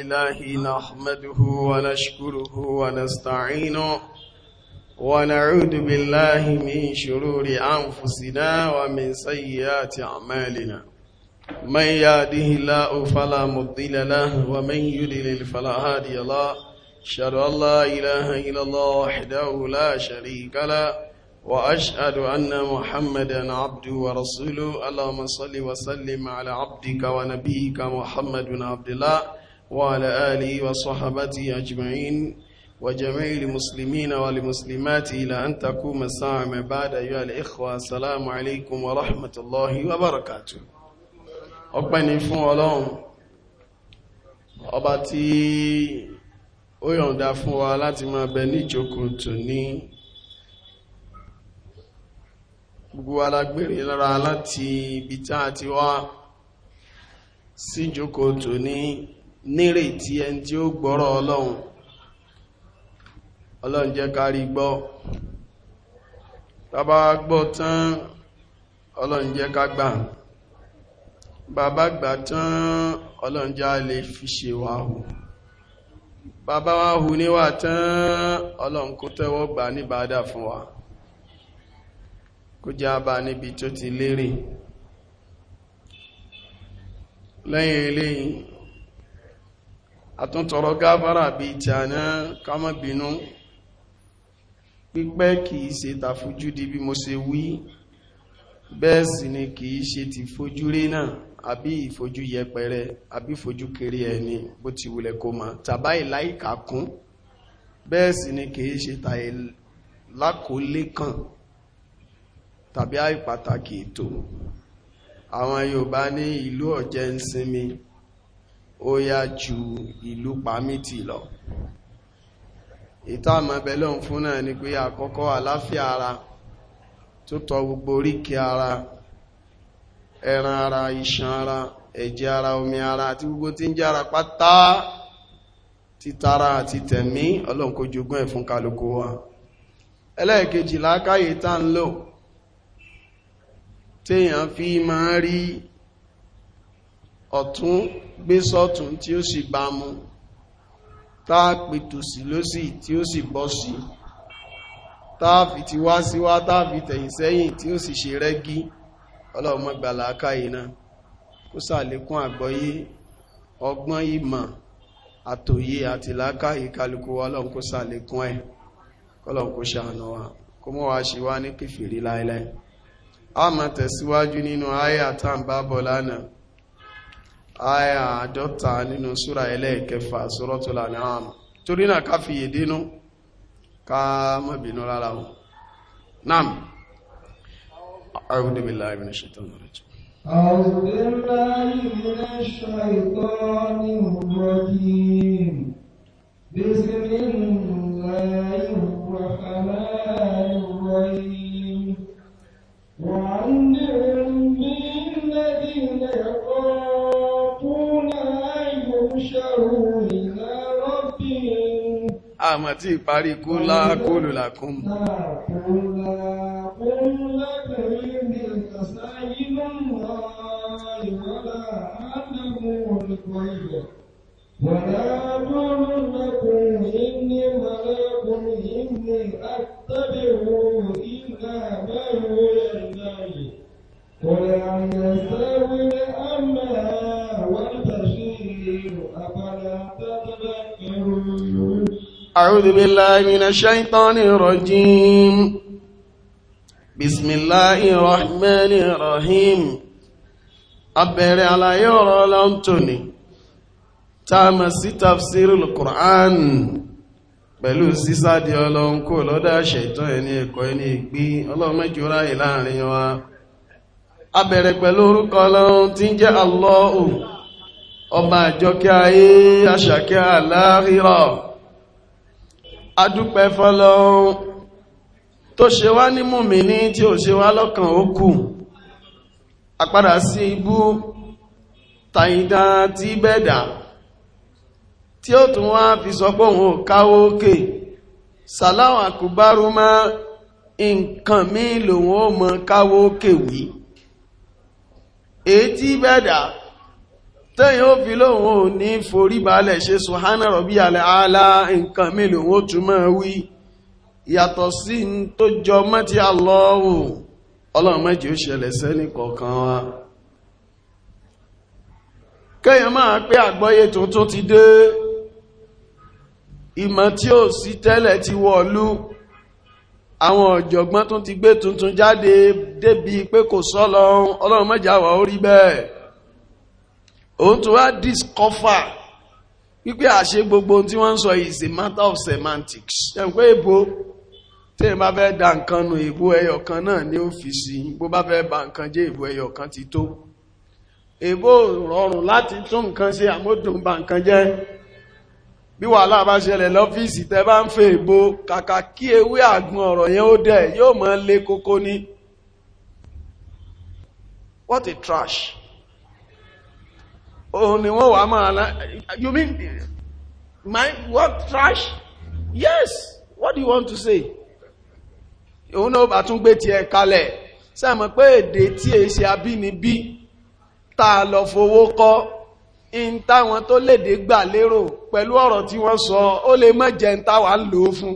إلهي نحمده ونشكره ونستعينه ونعوذ بالله من شرور أنفسنا ومن سيئات أعمالنا من يهده الله فلا مضل له ومن يضلل فلا هادي له أشهد أن لا إله إلا الله وحده لا شريك له وأشهد أن محمدا عبده ورسوله اللهم صل وسلم على عبدك ونبيك محمد عبد الله وعلى آله وصحبته أجمعين وجميع المسلمين والمسلمات إلى أن تقوم الساعة ما بعد أيها الإخوة السلام عليكم ورحمة الله وبركاته أقبل فون ولوم ọba tí ó yọ̀ǹda fún wa láti máa bẹ ní ìjókòó tòní gbogbo alágbèrè lára láti ibi tá a ti wá sí ìjókòó tòní nírètí ẹni tí ó gbọ́rọ̀ ọlọ́run ọlọ́run jẹ́ kárí gbọ́ tàbá gbọ́ tán ọlọ́run jẹ́ ká bàbá gbà tán ọlọ́run jẹ́ a fi ṣe wà hù bàbá wa hù níwà tán ọlọ́run kó tẹ́wọ́ gbà níbàádà fún wa kó jẹ́ abá níbi tó ti lérè lẹ́yìn eléyìí àtúntọrọ gáfàrà bí i tàná kámọ́bìnú pípẹ́ kìí ṣe tàfojúdi bí mo ṣe wí bẹ́ẹ̀ sì ni kìí ṣe ti fojúrí náà àbí ìfojú yẹpẹrẹ àbí fojú kéré ẹni bó ti wulẹ̀ kó ma tàbá ìláìkà kún bẹ́ẹ̀ sì ni kìí ṣe tàì lákòólé kan tàbí àìpàtàkì ètò àwọn Yorùbá ní ìlú ọ̀jẹ̀ ń sinmi ó yá ju ìlú pàmítì lọ Ita àmàbẹ̀lẹ̀ fún náà ni pé àkọ́kọ́ àláfíà ara tó tọ gbogbo oríkì ara ẹran ara iṣan ara ẹ̀jẹ̀ ara omi ara àti gbogbo tí ń jára pátá títara àti tẹ̀mí ọlọ́run kó jogún ẹ̀ fún kálukú wa ẹlẹ́ẹ̀kejì lákáyè tá ń lò téèyàn fi máa rí ọ̀tún gbé sọ́tún tí ó sì bá mú táà pètò sí lósì tí ó sì bọ́ sí táà fi ti wá síwá táà fi tẹ̀yìn sẹ́yìn tí ó sì ṣe rẹ́gí ọlọ́mọgbàlá káyìí náà kó sàlékún àgbọ́yé ọgbọ́n ìmọ̀ àtòyé àti làákàyè kálukú wa lọ́n sàlékún ẹ̀ kọ́lọ̀n ṣàánú wa kó mọ́ wá ṣe wá ní kìfèrí láìláì a máa tẹ̀síwájú nínú ayé àtàǹbábọ̀ lánàá aya àádọ́ta nínú súra ẹlẹ́ẹ̀kẹfà Suratul An'am torí náà ká fi yèdínú ká má bínú rárá o nam a'udhu billahi minash shaitanir rajim أعوذ بالله من الشيطان الرجيم بسم الله الرحمن الرحيم àmọ́ tí ìparí kú ńlá kó lùlà kún mú. ولا ظنكم إني ملاك إني أتبع إلا ما هو يرجعي ولا يستوي الأمر أعوذ بالله من الشيطان الرجيم بسم الله الرحمن الرحيم abẹ̀rẹ̀ àlàyé ọ̀rọ̀ ọlọ́ntòní táàmà sí tafsirul Qur'an pẹ̀lú sísáàdì ọlọ́nkò lọ́dá ṣẹ̀tọ́ ẹni ẹ̀kọ́ ẹni ìgbí ọlọ́mẹ́jọ ráyì wa abẹ̀rẹ̀ pẹ̀lú orúkọ ọlọ́run tí ń jẹ́ Allahu ọba àjọkẹ́ ayé àṣàkẹ́ àláhírọ̀ adúpẹ́ fọ́lọ́un tó ṣe wá ní mùmíní tí ó ṣe wá lọ́kàn ó kù àpadà sí ibú tàìdá tí bẹ́ẹ̀dà tí ó tún wá fi sọ pé òun káwó òkè sàláwà àkùbárú má nǹkan mí lòun ó mọ káwó òkè wí èyí tí bẹ́ẹ̀dà tẹ́yìn ó fi lóhun ò ní forí balẹ̀ ṣe ṣùhánà rọ̀bí alẹ́ àálá nǹkan mélòó ó túnmọ̀ wí yàtọ̀ sí tó jọ mọ́tí àlọ́wò ọlọ́run mẹ́jì ó ṣẹlẹ̀ sẹ́ni kọ̀ọ̀kan wa kẹ́yàn máa pé àgbọ́yé tuntun ti dé ìmọ̀ tí ó sí tẹ́lẹ̀ ti wọ̀lú àwọn ọ̀jọ̀gbọ́n tún ti gbé tuntun jáde débi pé kò sọ́lọ́run ọlọ́run mẹ́jì àwà bẹ́ẹ̀ òun tó wá discover wípé àṣẹ gbogbo ohun tí wọ́n ń sọ is a matter of semantics ṣe pé èbó tí èèyàn bá fẹ́ da nǹkan nu èbó ẹyọ kan náà ní ọ́fíìsì bó bá fẹ́ ba nǹkan jẹ́ èbó ẹyọ kan ti tó èbó rọrùn láti tún nǹkan ṣe àmódùn ba nǹkan jẹ́ bí wàhálà bá ṣẹlẹ̀ lọ́fíìsì tẹ́ bá ń fẹ́ èbó kàkà kí ewé àgbọn ọ̀rọ̀ yẹn ó dẹ̀ yóò mọ́ lé kókó ní what a trash Oh, ni wọ́n wà máa lá you mean my what trash yes what do you want to say òun náà bá tún e tiẹ̀ kalẹ̀ sẹ́mọ̀ pé èdè tí è ṣe abínibí ta lọ fowó kọ́ in táwọn tó léde gbà lérò pẹ̀lú ọ̀rọ̀ tí wọ́n sọ ó lè mọ́ jẹ́ ń táwà ń lò ó fún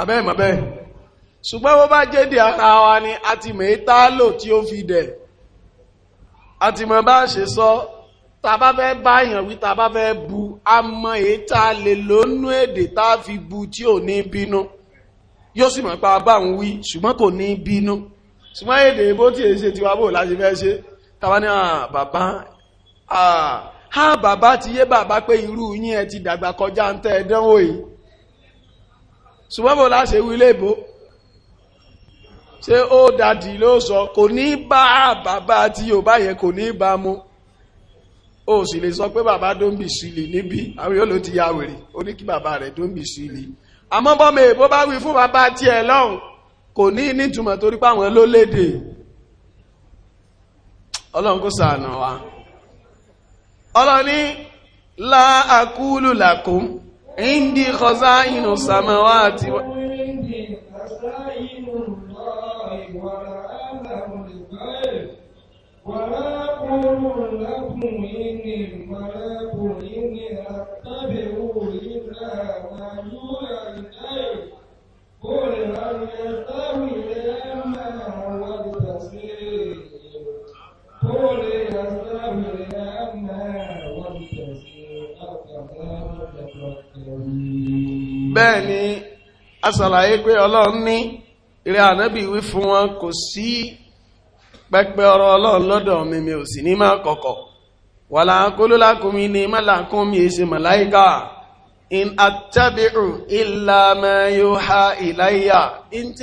abẹ́ẹ̀mọ̀bẹ́ ṣùgbọ́n bó bá jẹ́ di ara wa ni a ti mẹ́ tá lò tí fi dẹ̀ àtìmọ̀ bá ṣe sọ tàbá fẹ́ báyàn wí tàbá fẹ́ bu amọ̀ ètà lè lónú èdè tá a fi bu tí ò ní bínú yóò sì mọ̀ pa bá ń wí ṣùgbọ́n kò ní bínú ṣùgbọ́n èdè bó ti ṣe tiwa bò láti fẹ́ ṣe tàbá ní bàbá ha bàbá ti yé bàbá pé irú yín ẹ ti dàgbà kọjá ń tẹ́ ẹ̀dánwò yìí ṣùgbọ́n bò láṣẹ wí léèbó ṣé ó dàdí ló sọ kò ní bá bàbá tí yóò bá yẹn kò ní bá mu ó sì lè sọ pé bàbá dóńbì sílì níbi àwọn yóò ló ti ya wèrè ó ní kí bàbá rẹ̀ dóńbì sílì àmọ́ bọ́mọ èbó bá wí fún bàbá tiẹ̀ lọ́hùn kò ní nítumọ̀ torí páwọn ló léde ọlọ́run kó ṣàánú wa ọlọ́run ní láàkúlù làkún ìndí kọzá inú sàmáwá àti wọ́n خير لكم إني ملاك إني أتبع إلا ما يوحى إلي قل هل يستوي الأعمى والبصير قل يستوي الأعمى والبصير أفلا تتفكرون bẹ́ẹ̀ni aṣàlàyé pé Ọlọ́run ní ìrẹ ànábì wí fún wọn kò sí pẹ́pẹ́ ọ̀rọ̀ ọlọ́run lọ́dọ̀ mi mi ò sì ní wà ní mi ṣe ma yuha ilayya in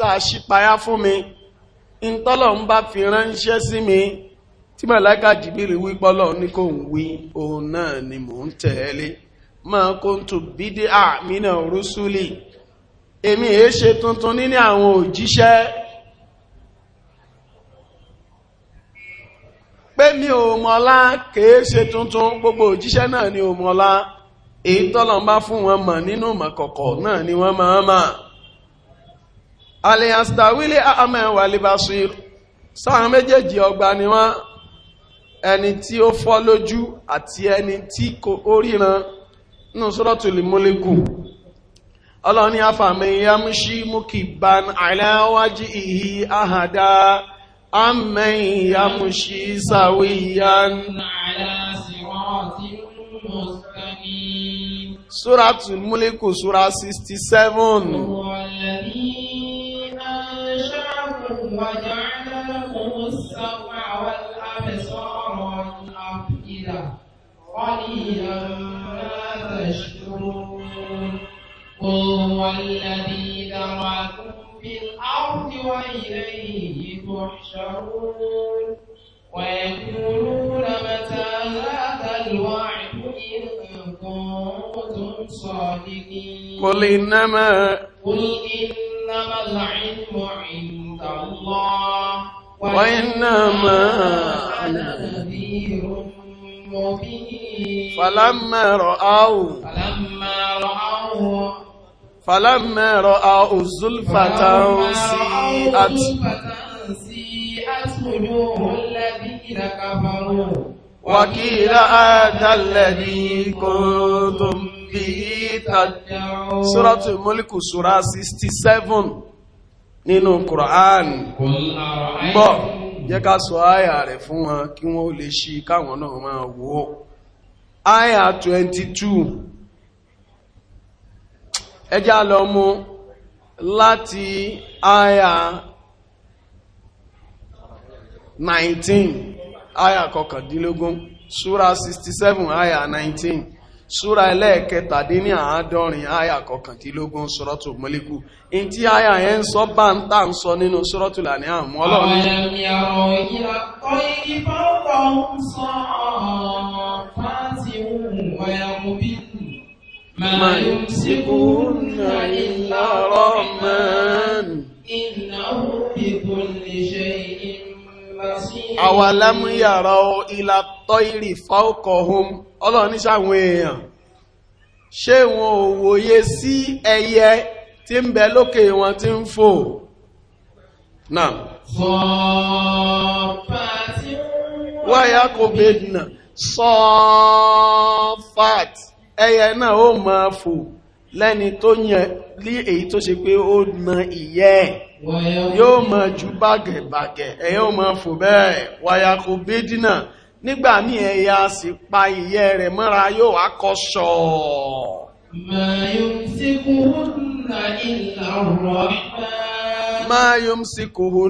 ta fún mi in tọ́lọ̀ ń bá fi ránṣẹ́ sí mi tí màláíkà jìbìrì ní kò ń ni mò ń tẹ̀lé máa kó ń tù bídí àmìnà rúsúlì èmi èé ṣe tuntun níní àwọn òjíṣẹ́ pé mi ò mọ̀lá kèé ṣe tuntun gbogbo òjíṣẹ́ náà ni ò mọ̀lá èyí tọ́lọ̀ bá fún wọn mọ̀ nínú mọ̀kọ̀kọ̀ náà ni wọ́n máa mà aliyastawili ahmed walibasir sáwọn méjèèjì ọgbà ni wọ́n ẹni tí ó fọ́ lójú àti ẹni tí ó ríran nínú suratul mulku ọlọ́ni afàmì yamshi mukiban ala wajhihi ahada أمن يمشي سويا على صراط مستقيم سورة الملك سورة 67 هو الذي أنشأكم وجعل لكم السمع والأبصار والأفئدة قليلا ما تشكرون قل هو الذي ذرأكم بالأرض وإليه تحشرون ويقولون متى هذا الوعد إن كنتم صادقين قل إنما قل إنما العلم عند الله وإنما أنا نذير مبين فلما رأوا فلما رأوا فلما رأوا الزلفة سيئت وقيل هذا الذي كنتم به تدعون سورة الملك سورة 67 nínú Quran bọ́ jẹ́ ká sọ àyà rẹ̀ fún wọn kí wọ́n lè ṣí káwọn náà máa 22 ẹjá lọ mú láti àyà 19 àyà kọkàndínlógún ṣúra 67 àyà 19 ṣúra ẹlẹ́ẹ̀kẹtàdínní àádọ́rin àyà kọkàndínlógún ṣúrọ́tù mọ́líkù in tí àyà yẹn ń sọ bá ń tà ń sọ nínú ṣúrọ́tù làní àmú ọlọ́run ní ما يمسكهن إلا الرحمن إنه بكل شيء بصير أولم يروا إلى الطير فوقهم Ọlọ́run ní sáwọn èèyàn ṣé wọn ò wòye sí ẹyẹ tí ń bẹ lókè wọn tí ń fò náà. sọ́ọ̀fà tí wọ́n yá kò nà sọ́ọ̀fà tí. ẹyẹ náà ó ma fò lẹ́ni tó yẹn lé èyí tó ṣe pé ó na ìyẹ́ ẹ̀ yóò ma ju bàgẹ̀bàgẹ̀ ẹyẹ ó ma fò bẹ́ẹ̀ wàyà kò bí dínà nígbà ní ẹyẹ a sì pa ìyẹ́ rẹ̀ mọ́ra yóò wá kọ́ ṣọ̀ọ́.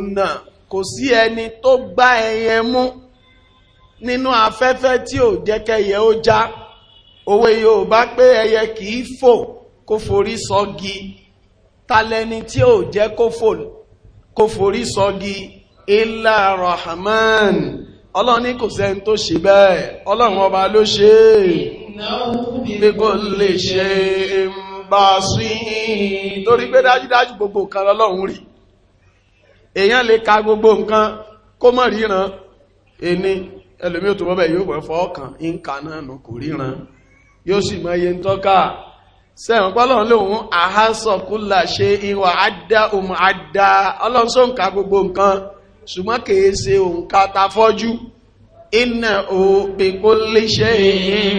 Ma kò sí ẹni tó gbá ẹyẹ mú nínú afẹ́fẹ́ tí ò jẹ́kẹ́yẹ ó já. Ja òwe Yorùbá pé ẹyẹ kì í fò kó forí sọ́gi talẹni tí ò jẹ́ kó forí sọ́gi ilá rahman ọlọ́run kò se tó ṣe bẹ́ẹ̀ ọlọ́run ọba ló ṣe gbogbo lè ṣe bá sí torí pé dájúdájú gbogbo nǹkan lọ́lọ́run rí èèyàn lè ka gbogbo nǹkan kó mọ̀ ríran ẹni ẹlòmí ò mọ́bẹ̀ yóò pẹ̀ fọ́ ọkàn ka náà ko kò yóò sì mọ iye ń tọ́ka sẹ́wọ̀n pọ́lọ́run lòun àhásọ̀kúlà ṣe ìwà àdá òun àdá ọlọ́run gbogbo nǹkan ṣùgbọ́n kìí ṣe òǹkà ta fọ́jú iná o pèkó lè ṣe èyí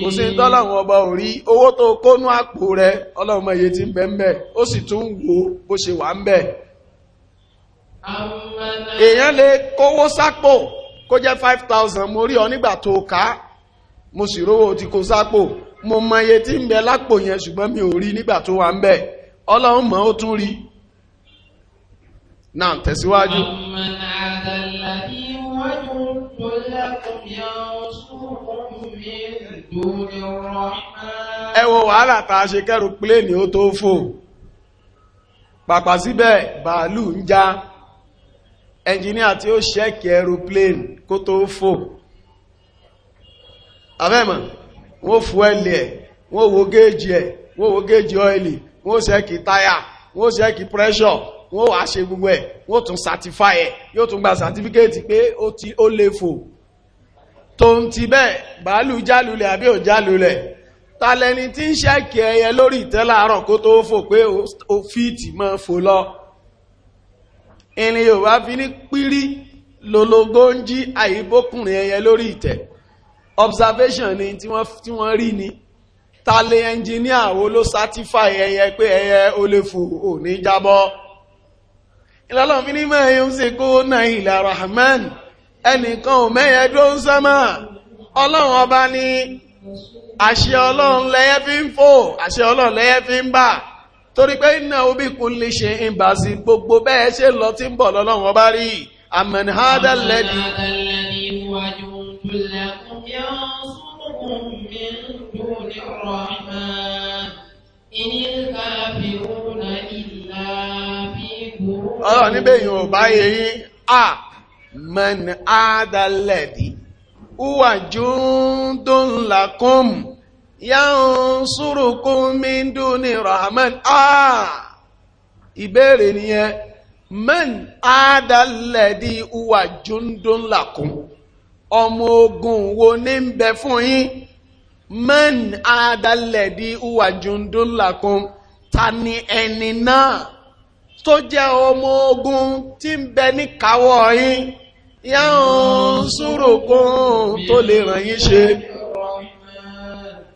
kò sí tọ́lọ́run ọba ò rí owó tó kónú àpò rẹ ọlọ́run mọ iye tí ń bẹ ń bẹ ó sì tún wo bó ṣe wà ń bẹ èèyàn lè kówó sápò kó jẹ́ five thousand mo rí ọ nígbà tó kàá mo sì rówó ti kó sápò mo mọye tí ń bẹ lápò yẹn ṣùgbọ́n mi ò rí nígbà tó wà ń bẹ̀ ọlọ́run mọ̀ ó tún rí náà tẹ̀síwájú. ẹ wo wàhálà tá a ṣe kẹ́rù pílẹ̀nì ó tó fò pàpà síbẹ̀ bàálù ń já ẹnjìníà tí ó ṣẹ́kì aeroplane kó tó fò abẹ́mọ̀ wọ́n fú ẹlẹ̀ ẹ̀ wọ́n wo géèjì ẹ̀ wọ́n wo géèjì ọ́ìlì wọ́n sẹ́ẹ̀kì táyà wọ́n sẹ́ẹ̀kì pressure wọ́n wá ṣe gbogbo ẹ̀ wọ́n tún certify yóò tún gba certificate pé ó ti ó lè fò tó ń ti bẹ́ẹ̀ bàálù jálulẹ̀ àbí ò jálulẹ̀ talẹni tí ń ṣẹ́kì ẹyẹ lórí ìtẹ́láàárọ̀ kó tó fò pé ó fíìtì máa fò lọ ìrìn Yorùbá fi ní pírí lologó àyíbókùnrin ẹyẹ lórí ìtẹ́ observation ni tí wọ́n tí wọ́n rí ni ta lè ẹnjìníà wo ló certify ẹyẹ pé ẹyẹ ó lè fò ò ní jábọ́ ìlọ́lọ́n fi ní ń se kó náà rahman ẹnìkan ò mẹ́yẹ dó ń sẹ́mà ọlọ́run ọba ni àṣẹ ọlọ́run lẹ́yẹ fi ń fò àṣẹ ọlọ́run lẹ́yẹ fi ń bà torí pé iná obi kún lè ṣe ń gbogbo bẹ́ẹ̀ ṣe lọ tí ń bọ̀ lọ́lọ́run ọba rí amẹ́nihádà lẹ́dí. ينصركم من دون الرحمن إن الكافرون إلا في غرور ọ̀rọ̀ níbẹ̀ yìí ò bá yẹ yín a man adalẹ́dì uwa jundun lakum yansurukum min duni rahman a ìbéèrè nìyẹn man adalẹ́dì uwa jundun lakum ọmọ ogun wo ní ń bẹ fún yín man adalẹ̀dí uwa jundunlakun ta ni ẹni náà tó jẹ́ ọmọ ogun tí ń bẹ ní káwọ́ yín yáhùn sùúrù kún tó lè ràn yín ṣe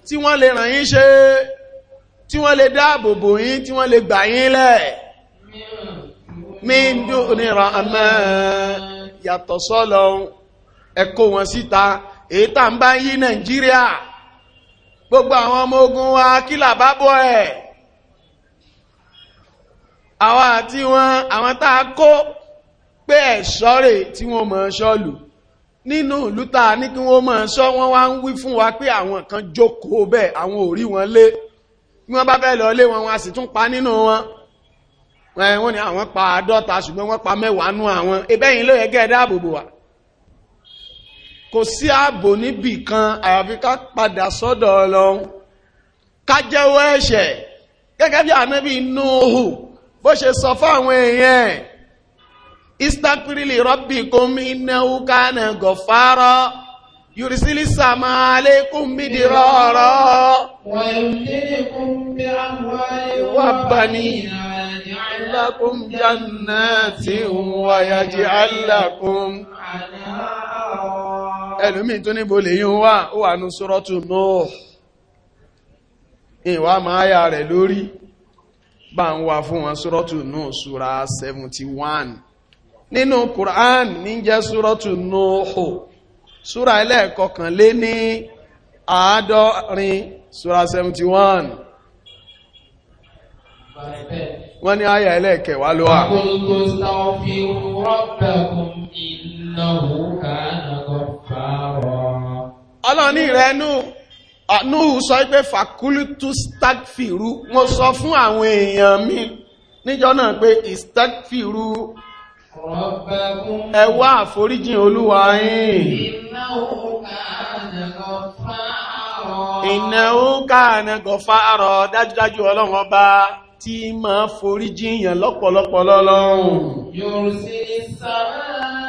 tí wọ́n lè ràn yín ṣe tí wọ́n lè dáàbò bò yín tí wọ́n lè gbà yín lẹ̀ mí dùn ní ìrànmọ́ yàtọ̀ sọ́lọ́hún ẹ̀kọ́ wọn síta èyí tà ń bá yí nàìjíríà gbogbo àwọn ọmọ ogun wa kílà bá bọ́ ẹ̀ àwọn àti wọn àwọn tá a kó pé ẹ̀ṣọ́ rè tí wọ́n mọ̀ ṣọ́lù nínú ìlú ta ní kí wọ́n mọ̀ ṣọ́ wọ́n wá ń wí fún wa pé àwọn kan jókòó bẹ́ẹ̀ àwọn ò rí wọn lé bí wọ́n bá fẹ́ lọ lé wọn wọn a sì tún pa nínú wọn wọ́n ní àwọn pa àádọ́ta ṣùgbọ́n wọ́n pa mẹ́wàá nú àwọn ebẹ́yìn ló yẹ kẹ́ ẹ dáàbòbò wa kò sí ààbò níbì kan àyàfi ká padà sọ́dọ̀ ọlọ́run ká jẹ́wọ́ ẹ̀ṣẹ̀ gẹ́gẹ́ bí ànábì Nuhu bó ṣe sọ fáwọn èèyàn ẹ̀ istakirili rọ́bì kòmí náwó kánà gọ̀fárọ́ yurisili sàmà aleikum midi rọ́ọ̀rọ́ wà bani alákùn jannati wàyájí alákùn ẹlòmí tó níbo lè yíò wà ó wà ní sọ́rọ́tù náà ìwà máa yà rẹ̀ lórí bá ń wà fún wọn sọ́rọ́tù náà súra 71 nínú Qur'an ní jẹ́ sọ́rọ́tù náà súra ẹlẹ́ẹ̀kọkàn lé ní àádọ́rin súra 71 wọ́n ní àyà ẹlẹ́ẹ̀kẹ̀wá ló wà ọlọ́ni ni nù nu sọ pé fàkúlítù stagfiru mo sọ fún àwọn èèyàn mi níjọ́ náà pé stagfiru ẹ Ewa àforíjìn olúwa yín ìnáwó káàna gọ̀fà àrọ̀ dájúdájú ọlọ́run ọba tí máa foríjìn yàn lọ́pọ̀lọpọ̀ lọ́lọ́run yorùsí sáà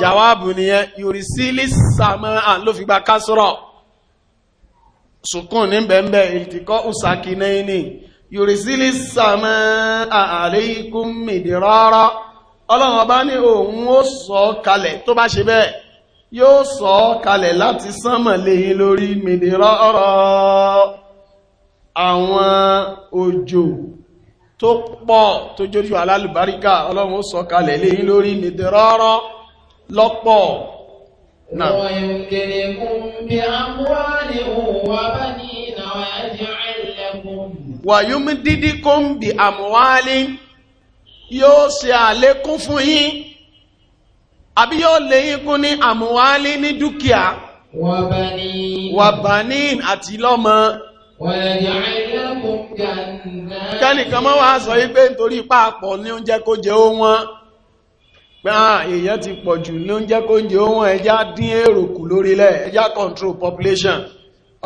jàwáàbù nìyẹn yorùsílì sàmọ́ à ló fi gba kásọ̀rọ̀ sùkún ni bẹ̀m̀bẹ̀ ìtìkọ́ ùsàkì náà ní yorùsílì sàmọ́ àlẹ́ikún mìdírọ́rọ́ ọlọ́run ọba ní òun ó sọ kalẹ̀ tó bá ṣe bẹ́ẹ̀ yóò sọ kalẹ̀ láti sánmọ̀ lẹ́yìn lórí mìdírọ́rọ́ àwọn òjò tó pọ̀ tó jójú alálùbáríkà ọlọ́run ó sọ kalẹ̀ lé yín lórí nìdẹ̀rọ́rọ́ lọ́pọ̀ náà wàyúmí dídí kó ń bí àmúwálé yóò ṣe àlékún fún yín àbí yóò lè yín kún ní àmúwálé ní dúkìá wàbàní àti lọ́mọ kẹ́nìkan mọ́ wá sọ wípé nítorí pápọ̀ ní oúnjẹ kó jẹ ó wọ́n pé ah, èèyàn ti pọ̀ jù ní oúnjẹ kó jẹ ó wọ́n ẹjá dín èrò kù lórílẹ̀ ẹjá control population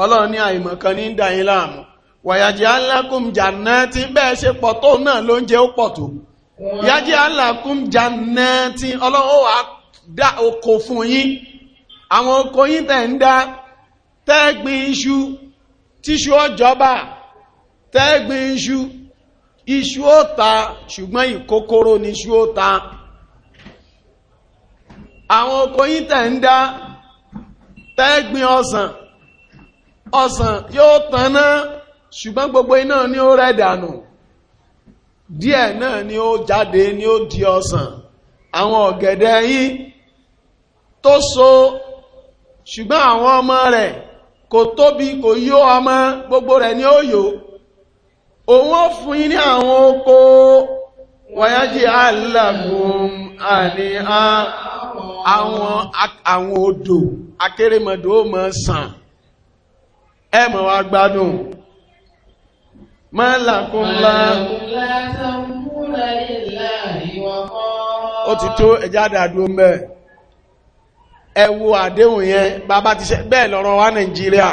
ọlọ́run ni àìmọ̀kan ní dáyín láàmú wàyàjí alákùn jàná tí bẹ́ẹ̀ ṣe pọ̀ tó náà ló ń jẹ ó pọ̀ tó yájí alákùn jàná tí ọlọ́run wà dá oko fún tíṣù ọjọ́bà tẹ́gbìn iṣu iṣu ó ta ṣùgbọ́n ìkókóró ni iṣu ó ta àwọn oko yín tẹ̀ ń dá tẹ́gbìn ọsàn ọsàn yóò tanná ṣùgbọ́n gbogbo iná ni ó rẹ̀ dànù díẹ̀ náà ni ó jáde ni ó di ọsàn àwọn ọ̀gẹ̀dẹ̀ yín tó so ṣùgbọ́n àwọn ọmọ rẹ̀ kò tóbi kò yó ọmọ gbogbo rẹ̀ ní òyò òun ó fún yín ní àwọn oko wọ́yájí aláàgùn àní àwọn odò akérèmọ̀dò ó mọ̀ sàn ẹ mọ̀ wá gbádùn ma ó ti tó ẹjá dàdú mẹ́ ẹ wo àdéhùn yẹn bàbá ti ṣe bẹ́ẹ̀ lọ́rọ̀ wá nàìjíríà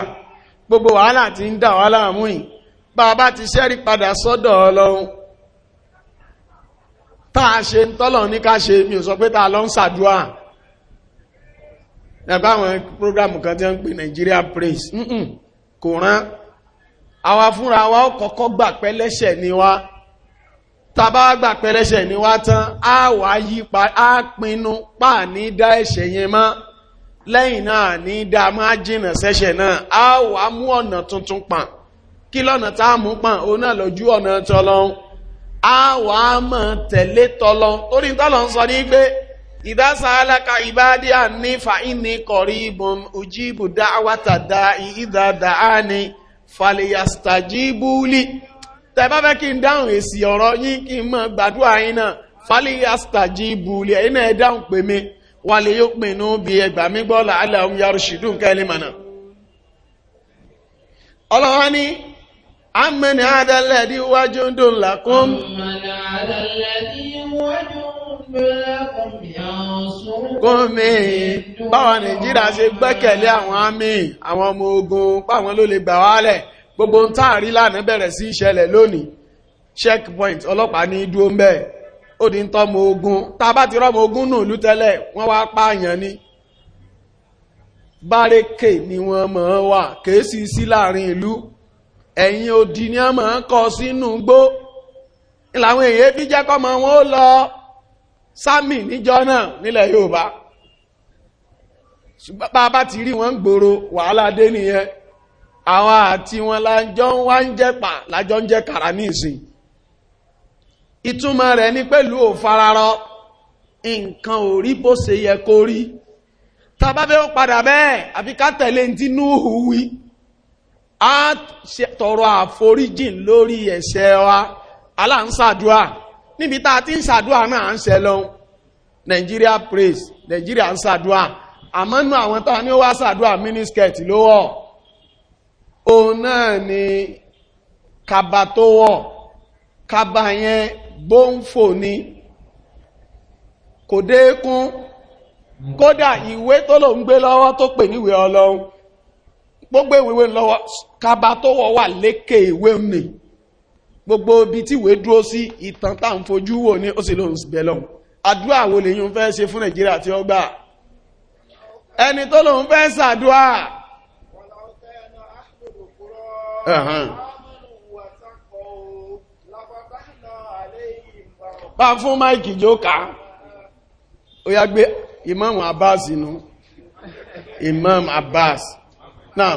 gbogbo wàhálà ti ń dà wá láàmú yìí bàbá ti ṣẹ́rí padà sọ́dọ̀ ọlọ́run tá a ṣe ń tọ́lọ̀ ní ká ṣe mi ò sọ pé tá a lọ ń ṣàdúrà ẹ̀bá àwọn prógrámù kan tí wọ́n ń pè Nigeria praise kò rán àwa fúnra wa ó kọ́kọ́ gbà pé ẹlẹ́ṣẹ̀ ni wá tá gbà pé ni wá tán á wá yí á pinnu páà dá ẹ̀ṣẹ̀ yẹn mọ́ lẹ́yìn náà ní dá máa jìnà sẹ́ṣẹ̀ náà a wà mú ọ̀nà tuntun pàn kí lọ́nà tá mú pàn o náà lọ jú ọ̀nà tọ́lọ́un a wà mọ̀ tẹ̀lé tọ́lọ́un torí sọ ní pé ìdásá aláka à ní fàínì kọ̀rí ibùn ojíbù á ní fẹ́ kí n dáhùn èsì ọ̀rọ̀ yín kí n mọ̀ gbàdúrà yín náà náà dáhùn wà lè yóò pinnu bí ẹgbà mígbọ́lá aláhùn yàrù ṣìdún kẹ́lìmọ̀nà ọlọ́wọ́ ní amẹ́ni adálẹ́dí wájú ń dùn lákún gómi báwa nàìjíríà ṣe gbẹ́kẹ̀lé àwọn àmì àwọn ọmọ ogun páwọn ló lè gbà wálẹ̀ gbogbo ń táàrí lánàá bẹ̀rẹ̀ sí ìṣẹ̀lẹ̀ lónìí checkpoint ọlọ́pàá ní dúó mẹ́ẹ̀ ó di ń tọ́mọ ogun ta bá ti rọ́mọ ogun nù lú tẹ́lẹ̀ wọ́n wá pààyàn ní bárẹ́kè ni wọ́n mọ̀ ọ́n wà kèésì sí láàrin ìlú ẹ̀yìn òdì ni wọ́n mọ̀ ọ́n kọ sínú gbó làwọn èèyàn bí jẹ́ kọ́mọ wọn ó lọ sámì níjọ́ náà nílẹ̀ Yorùbá ṣùgbọ́n bá bá ti rí wọn gbòòrò wàhálà dé nìyẹn àwọn àti wọn lájọ ń wá ń jẹ́pà lájọ ń jẹ́ kàrà ní ìsìn ìtumọ̀ rẹ̀ ní pẹ̀lú òfararọ nǹkan ò rí bó ṣe yẹ kó rí tàbábẹ́ ó padà bẹ́ẹ̀ àfi ká tẹ̀lé núhù wí á tọrọ àforíjìn lórí ẹ̀ṣẹ̀ wa aláǹsàdúà níbi tá a ti ń sàdúà náà ń lọ Nigeria praise Nigeria ń sàdúà àmọ́ nú àwọn tó ní ó wá miniskirt ló wọ̀ òun náà ni kaba tó wọ̀ kaba yẹn gbóǹfò ni kò déékún kódà ìwé tó lò ń gbé lọ́wọ́ tó pè níwé ọlọ́run gbogbo ìwé lọ́wọ́ kaba tó wọ́ wà lékè ìwé ni gbogbo ibi tí ìwé dúró sí ìtàn tá ń fojú wò ní ó sì ló ń bẹ̀ lọ́hùn àdúrà wo lèyìn fẹ́ ṣe fún nàìjíríà tí ó gbà ẹni tó lòun fẹ́ ṣàdúrà. bá fún máìkì jókà ó yá gbé imam abbas inú imam abbas náà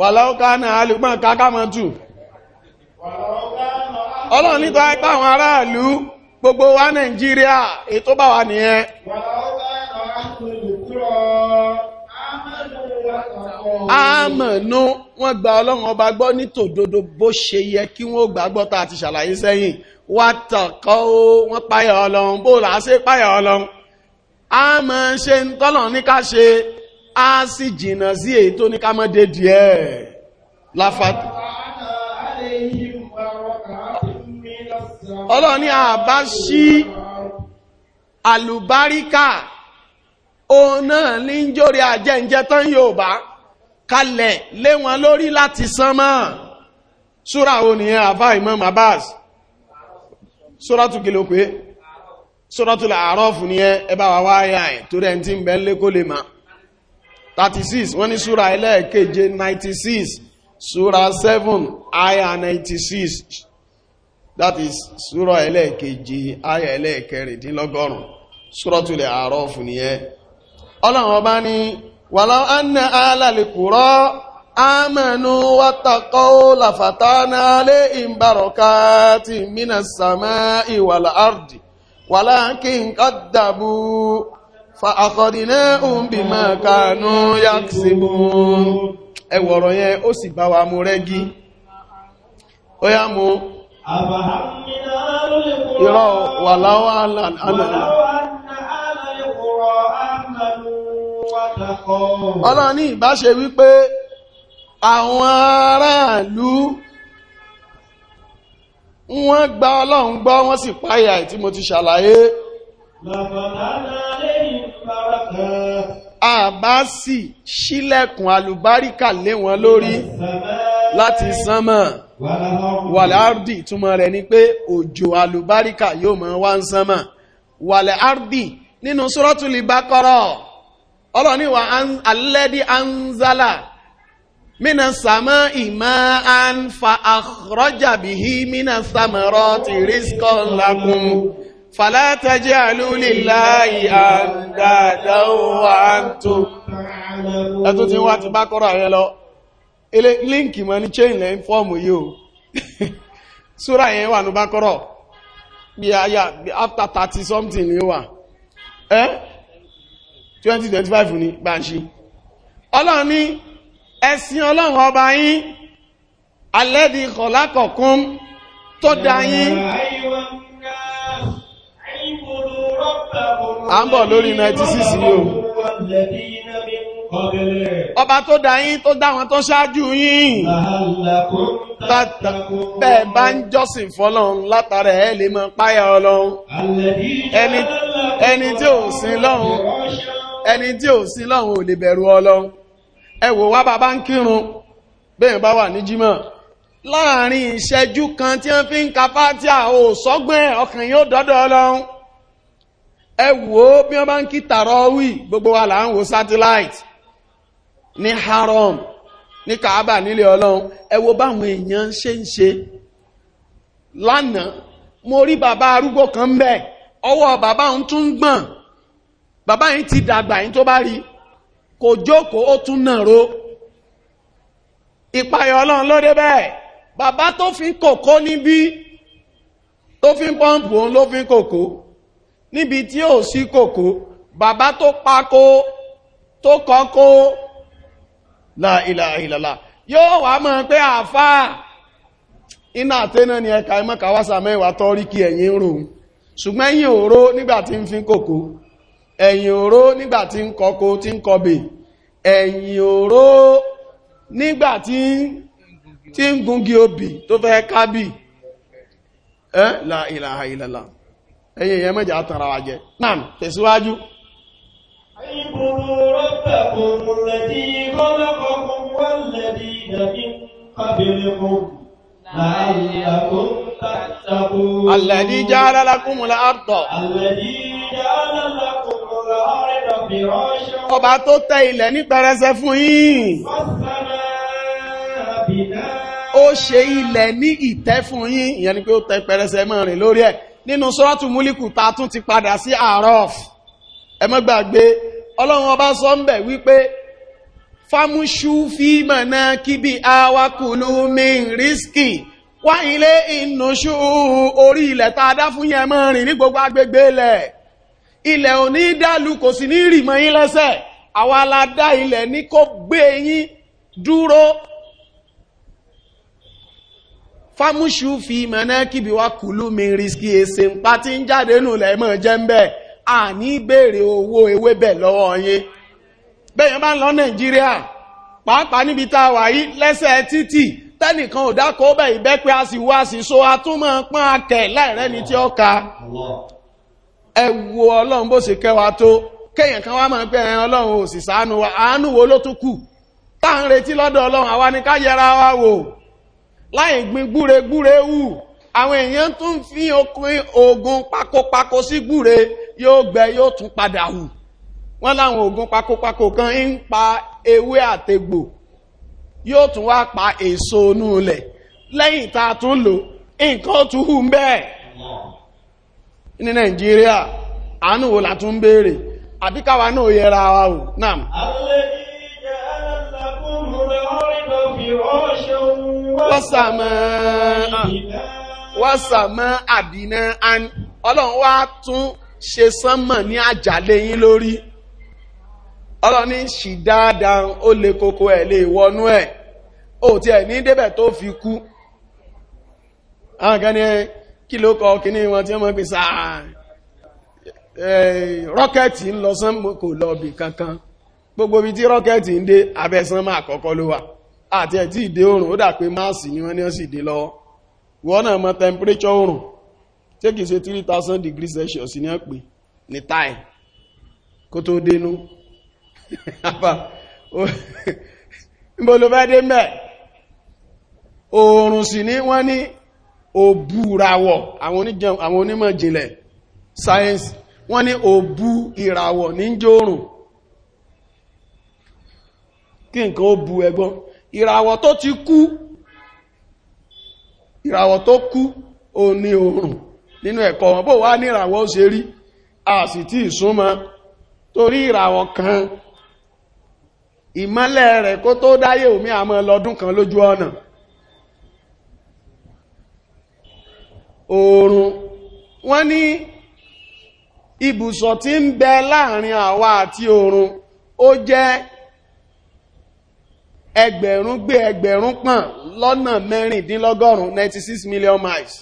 wàláwọ́ká náà alùgbọ́n kákàmọ́tù ọlọ́run nítorí pàwọn aráàlú gbogbo wa Nigeria, ètò bá wà nìyẹn àmọ̀nú wọ́n gba ọlọ́run ọba gbọ́ ní tòdodo bó ṣe yẹ kí wọ́n gbàgbọ́ tá a ti ṣàlàyé sẹ́yìn wá tàkọ́ ó wọ́n páyà ọlọ́run bó là á ṣe páyà ọlọ́run àmọ́ ṣe ń tọ́lọ̀ ní ká ṣe á sì jìnnà sí èyí tó ní ká mọ́ dédìí ẹ̀ láfàtà ọlọ́run ní àbá sí àlùbáríkà òun náà ní ń jórí àjẹ́ǹjẹ́ tán Yorùbá kalẹ̀ lé wọn lórí láti sánmọ́ súra wo nìyẹn àbá Imam Abbas súra tún kìlò pé súra tún lè àárọ̀ fún ní ẹ bá wa wáyà ẹ̀ torí ẹni tí ń bẹ ń lè máa 36 wọ́n ní súra ẹlẹ́ẹ̀keje 96 súra 7 aya 96 that is Surah súrọ̀ ẹlẹ́ẹ̀kejì ayà ẹlẹ́ẹ̀kẹrìndínlọ́gọ́rùn súrọ̀tulẹ̀ àárọ̀ fún nìyẹn ọlọ́run ọba ní wàlá anna ala amẹ́nu wátàkọ́ làfàtánà lé ìbárọ̀ká ti mínà sàmà ìwàlá àrdì wàlá kí n kọ́dàbù fa àkọ́dínà òǹbì máa kàánú yàksìmù ẹwọ̀rọ̀ yẹn ó sì bá wa mú rẹ́gí ó yá Ìrọ̀ wà láwọ́ àlànà. Ọlọ́run ní ìbáṣe wípé àwọn aráàlú wọ́n gba ọlọ́run gbọ́ wọ́n sì páyà tí mo ti ṣàlàyé. Àbá sì ṣílẹ̀kùn àlùbáríkà lé wọn lórí. Àbá láti sánmọ̀ wàlẹ̀ árdì túmọ̀ rẹ̀ ni pé òjò alùbáríkà yóò máa wá ń sánmọ̀ wàlẹ̀ árdì nínú sọ́rọ́tùlì bákọ́rọ̀ ọlọ́niwà alẹ́dí anzala mina sàmà ìmọ̀ ànfà àkọ́jàbìhí mina sàmọ̀rọ̀ tìrísíkọ̀ lakum fàlátàjẹ́ àlúlìláì àdáadáa wà á tó ẹ̀tún ti wá ti bákọ́rọ̀ àyẹ́ lọ ele líǹkì mọ́ ní chain lẹ́ fọ́ọ̀mù yìí o súra yẹn wà ní bákọ́rọ̀ bí aya after thirty something ni ó wà ẹ́ twenty twenty five ni bá ń ṣe ọlọ́run ní ẹ̀sìn ọlọ́run ọba yín alẹ́dì kọ̀lákọ̀kún tó dá yín à ń bọ̀ lórí 96 yóò ọba tó da yín tó dá wọn tó ṣáájú yín bẹ́ẹ̀ bá ń jọ́sìn fọ́lọ́run látara ẹ̀ lè máa páyà ọlọ́run ẹni tí ò sin lọ́run ẹni tí ò sin lọ́run ò lè bẹ̀rù ọlọ́run ẹ wò wá bàbá ń kírun bẹ́ẹ̀ bá wà ní jímọ̀ láàrin ìṣẹ́jú kan tí wọ́n fi ń ka fátíà ò sọ́gbọ́n ọkàn yóò dọ́dọ̀ ọlọ́run ẹ wò ó bí wọ́n bá ń kí tààrọ̀ wì gbogbo wa là ń wo satellite ní haram ní kaaba nílé ọlọ́run ẹ wo báwọn èèyàn ṣe ń ṣe lánàá mo rí bàbá arúgbó kan bẹ́ẹ̀ ọwọ́ bàbá òun tún ń gbọ̀n bàbá yìí ti dàgbà yìí tó bá rí kò jókòó ó tún nàró ìpayọ̀ ọlọ́run ló dé bẹ́ẹ̀ bàbá tó fi kòkó níbí tó fi pọ́ǹpù òun ló fi kòkó níbi tí ò sí kòkó bàbá tó pako tó kọ́kó láìlà ìlàlá yóò wà mọ́ pé àfáà iná àtẹ́nà ni ẹka ẹmọ́ka wásà mẹ́wàá tọ́rí kí ẹ̀yìn rùn ṣùgbọ́n ẹ̀yìn òró nígbà tí ń fi kòkó ẹ̀yìn òró nígbà tí ń kọkó tí ń kọbè ẹ̀yìn òró nígbà tí ń gungi obì tó fẹ́ kábì ẹ́ láìlà ìlàlá ẹ̀yìn ẹ̀yẹn tẹ̀síwájú اعبدوا ربكم الذي خلقكم والذين من قبلكم لعلكم تتقون الذي جعل لكم الأرض الذي جعل لكم الأرض فراشا ọba tó tẹ ilẹ̀ ní pẹrẹsẹ fún yín ó ṣe ilẹ̀ ní ìtẹ́ fún yín ìyẹn ni pé ó tẹ pẹrẹsẹ mọ́ rìn lórí ẹ̀ nínú sọ́ọ̀tù múlíkù ta tún ti padà sí àárọ̀ ẹ má gbàgbé ọlọ́run ọba sọ ń bẹ̀ wípé fámúṣú fíìmọ̀ náà kíbi awakùlù mi rísíkì wá ilé ìnúṣú orí ilẹ̀ tá a dá fún yẹn mọ́ rìn ní gbogbo agbègbè ilẹ̀ ilẹ̀ ò ní dàlú kò sì ní rìmọ̀ yín lẹ́sẹ̀ àwa la ilẹ̀ ní kó gbé yín dúró fámúṣú fíìmọ̀ náà kíbi wakùlù mi rísíkì èsè pa tí ń jáde nù lẹ́mọ̀ jẹ́ ń bẹ́ẹ̀ a ní béèrè owó ewébẹ̀ lọ́wọ́ yín bẹ́yàn bá ń lọ nàìjíríà pàápàá níbi tá a wà yí lẹ́sẹ̀ títì tẹ́nìkan ò dákọ̀ bẹ̀ ìbẹ́pẹ́ a sì wá sí so a tún máa pọ́n akẹ̀ láìrẹ́ni tí ó ka ẹ wo ọlọ́run bó ṣe kẹwàá tó kéèyàn kan wá máa pẹ́ ẹran ọlọ́run ò sì ṣàánú wa àánú wo ló tún kù tá à ń retí lọ́dọ̀ ọlọ́run àwa ni ká yẹra wa wò láì gbin gbúre wù àwọn èèyàn tún fi okun oògùn pakopako sí gbúre yóò gbẹ yóò tún padà hù wọ́n láwọn oògùn pakopako kan ń pa ewé àtegbò yóò tún wá pa èso inú ilẹ̀ lẹ́yìn tá a tún lò nǹkan tún hù ń bẹ́ẹ̀ ní nàìjíríà àánú wo la tún ń béèrè àbíkáwa náà yẹra wa o náà. wọ́sàmọ́ wọ́sàmọ́ àdínà ọlọ́run wá tún ṣe sánmọ̀ ní àjàlé yín lórí ọlọ́ni ṣì dáadáa ó lè kókó ẹ̀ lè wọnú ẹ̀ ó ti ẹ̀ ní débẹ̀ tó fi kú àwọn kan ní kí ló kọ kí ní wọn tí mọ́ pè sáà rọ́kẹ̀tì ń lọ sánmọ̀ kò lọ bì kankan gbogbo ibi tí rọ́kẹ̀tì ń dé abẹ́sánmọ̀ àkọ́kọ́ ló wà àti ẹ̀ tí ìdé oòrùn ó dà pé máàsì ni wọ́n ní sì dé wọ́n náà oòrùn ṣé kìí ṣe 3000 degrees celsius ní ọ̀pẹ́ ní táì kó tó dénú níbo ló fẹ́ dé mẹ́ oòrùn sì ní wọ́n ní òbúrawọ̀ àwọn onímọ̀ jìnlẹ̀ sáyẹ́nsì wọ́n ní òbú ìràwọ̀ ní jòrùn kí nǹkan ó bu ẹgbọ́n ìràwọ̀ tó ti kú ìràwọ̀ tó kú ó ní oòrùn nínú ẹ̀kọ́ wọn bó wá ní ìràwọ̀ ó ṣe rí a sì tí ìsúnmọ́ torí ìràwọ̀ kan ìmọ́lẹ̀ rẹ̀ kó tó dáyé omi àmọ́ lọ́dún kan lójú ọ̀nà oòrùn wọ́n ní ibùsọ̀ tí ń bẹ láàrin àwa àti oòrùn ó jẹ́ ẹgbẹ̀rún gbé ẹgbẹ̀rún pọ̀n lọ́nà mẹ́rìndínlọ́gọ́rùn-ún 96 million miles